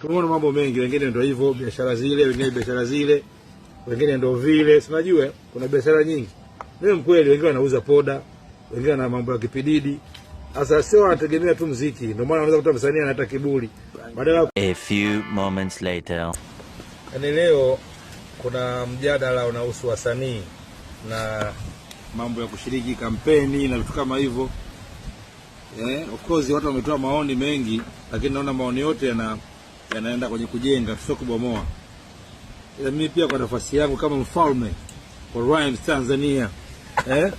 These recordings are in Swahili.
tumeona mambo mengi, wengine ndio hivyo biashara zile, wengine biashara zile, wengine ndio vile, si unajua kuna biashara nyingi. Mimi mkweli, wengine wanauza poda, wengine wana mambo ya kipididi. Sasa sio wanategemea tu muziki, ndio maana unaweza kuta msanii anata kiburi baadaye. A few moments later, yani leo kuna mjadala unahusu wasanii na mambo ya kushiriki kampeni na vitu kama hivyo. Yeah, of course watu wametoa maoni mengi, lakini naona maoni yote yana yanaenda kwenye kujenga, sio kubomoa. Mimi pia kwa nafasi yangu kama mfalme wa Rhymes Tanzania eh,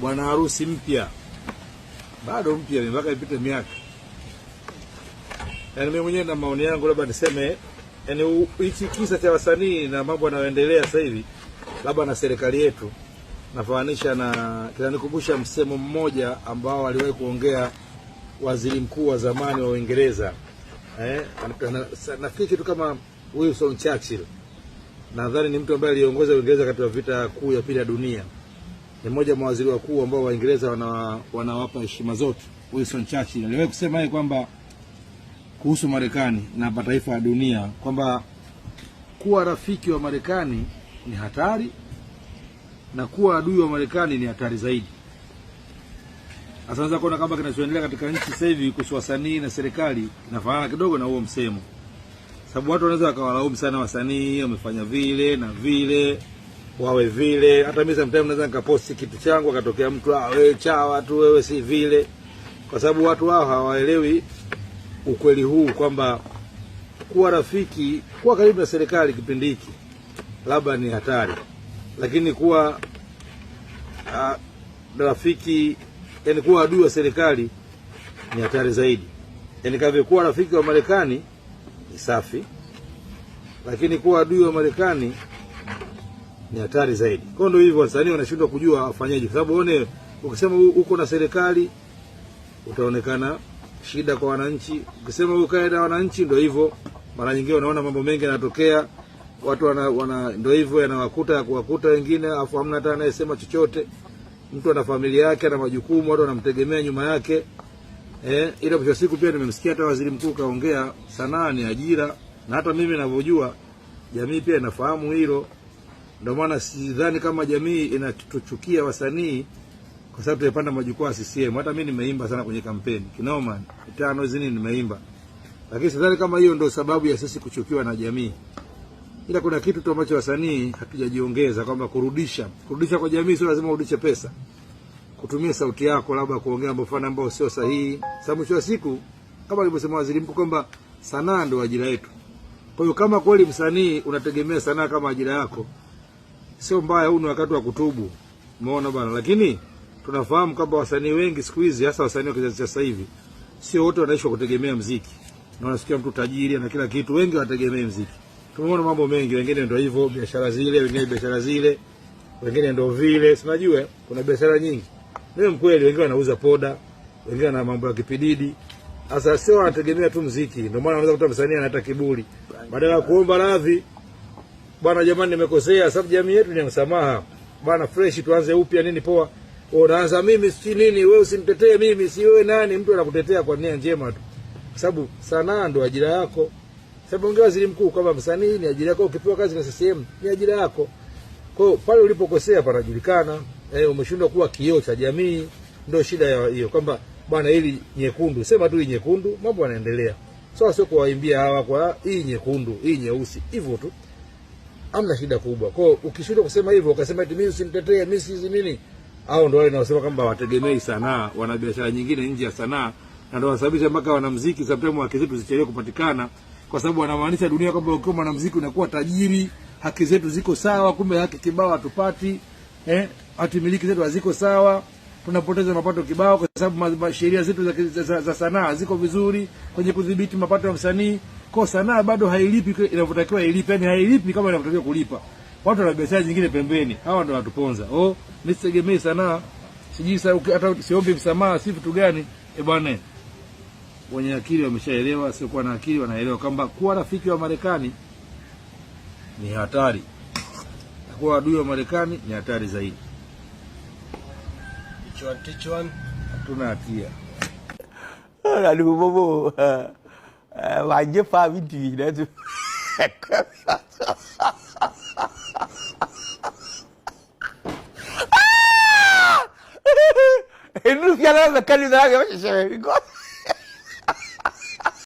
bwana harusi mpya, bado mpya, mpaka ipite miaka. Yani mimi mwenyewe na maoni yangu, labda niseme yani hichi kisa cha wasanii na mambo yanayoendelea sasa hivi, labda na serikali yetu nafananisha na kinanikumbusha msemo mmoja ambao aliwahi kuongea waziri mkuu wa zamani wa Uingereza eh, nafikiri kitu kama Wilson Churchill nadhani ni mtu ambaye aliongoza Uingereza katika vita kuu ya pili ya dunia. Ni mmoja wa waziri wakuu ambao Waingereza wanawapa heshima zote. Wilson Churchill aliwahi kusema yeye kwamba kuhusu Marekani na mataifa ya dunia kwamba kuwa rafiki wa Marekani ni hatari na kuwa adui wa Marekani ni hatari zaidi. Sasa kuona kama kinachoendelea katika nchi sasa hivi kuhusu wasanii na serikali kinafanana kidogo na huo msemo, sababu watu wanaweza wakawalaumu sana wasanii, wamefanya vile na vile, wawe vile. Hata mimi sometimes naweza nikaposti kitu changu akatokea mtu ah, wewe chawa tu, wewe si vile, kwa sababu watu hao hawaelewi ukweli huu kwamba kuwa rafiki, kuwa karibu na serikali kipindi hiki labda ni hatari, lakini kuwa uh, rafiki yani kuwa adui wa serikali ni hatari zaidi. Yani kuwa rafiki wa Marekani ni safi, lakini kuwa adui wa Marekani ni hatari zaidi. Kwa ndio hivyo wasanii wanashindwa kujua wafanyaje, kwa sababu one ukisema uko na serikali utaonekana shida kwa wananchi, ukisema ukae na wananchi, ndio hivyo. Mara nyingine unaona mambo mengi yanatokea, watu wana, wana ndio hivyo yanawakuta kuwakuta wengine, afu hamna hata anayesema chochote mtu ana familia yake, ana majukumu, watu wanamtegemea nyuma yake eh, ila mwisho siku pia nimemsikia hata waziri mkuu kaongea, sanaa ni ajira, na hata mimi ninavyojua jamii pia inafahamu hilo. Ndio maana sidhani kama jamii inatuchukia wasanii kwa sababu tumepanda majukwaa ya CCM. Hata mimi nimeimba sana kwenye kampeni kinoma tano zini nimeimba, lakini sidhani kama hiyo ndio sababu ya sisi kuchukiwa na jamii ila kuna kitu tu ambacho wasanii hatujajiongeza kwamba kurudisha kurudisha kwa jamii, sio lazima urudishe pesa, kutumia sauti yako labda kuongea mambo fulani ambayo sio sahihi, sababu mwisho wa siku kama alivyosema waziri mkuu kwamba sanaa ndio ajira yetu. Kwa hiyo kama kweli msanii unategemea sanaa kama ajira yako, sio mbaya, huu ni wakati wa kutubu, umeona bwana. Lakini tunafahamu kwamba wasanii wengi siku hizi, hasa wasanii wa kizazi cha sasa hivi, sio wote wanaishi kwa kutegemea mziki, na unasikia mtu tajiri na kila kitu, wengi wanategemea mziki tumeona mambo mengi, wengine ndio hivyo biashara zile, wengine biashara zile, wengine ndio vile, si unajua kuna biashara nyingi. Mimi mkweli, wengine wanauza poda, wengine wana mambo ya kipididi. Sasa sio wanategemea tu mziki, ndio maana unaweza kuta msanii anata kiburi, badala ya kuomba radhi, bwana, jamani, nimekosea. Sababu jamii yetu ni msamaha bwana, fresh, tuanze upya nini, poa. Unaanza oh, mimi si nini, wewe usinitetee mimi, si wewe nani, mtu anakutetea kwa nia njema tu, sababu sanaa ndo ajira yako sababu ongea waziri mkuu kwamba msanii ni ajira yako, ukipewa kazi na CCM ni ajira yako. Kwa hiyo pale ulipokosea panajulikana. Eh, umeshindwa kuwa kioo cha jamii, ndio shida hiyo, kwamba bwana, hili nyekundu, sema tu hii nyekundu, mambo yanaendelea. Sasa so, sio kuwaimbia hawa kwa hii nyekundu, hii nyeusi, hivyo tu amna shida kubwa. Kwa hiyo ukishindwa kusema hivyo ukasema eti mimi usinitetee, mimi sisi nini? Hao ndio wale wanaosema kwamba wategemei sanaa, wana biashara nyingine nje ya sanaa, na ndio wasababisha mpaka wanamuziki sometimes wakizitu zichelewe kupatikana kwa sababu wanamaanisha dunia kwamba ukiwa mwanamuziki unakuwa tajiri, haki zetu ziko sawa, kumbe haki kibao hatupati eh, hati miliki zetu haziko sawa, tunapoteza mapato kibao kwa sababu sheria zetu za, za, za, za sanaa ziko vizuri kwenye kudhibiti mapato ya msanii. Kwa sanaa bado hailipi inavyotakiwa ilipe, yani hailipi kama inavyotakiwa kulipa. Watu wana biashara zingine pembeni, hawa ndio watuponza. Oh, nisitegemee sanaa, sijui hata siombi msamaha, si vitu gani eh bwana wenye akili wameshaelewa, wasiokuwa na akili wanaelewa kwamba kuwa rafiki wa Marekani ni hatari na kuwa adui wa Marekani ni hatari zaidi. Hatuna hatia naliovovo eh, wanje fa vitu vinatu eh, ah! enufyalaa mekani zarage vasheshevevikoo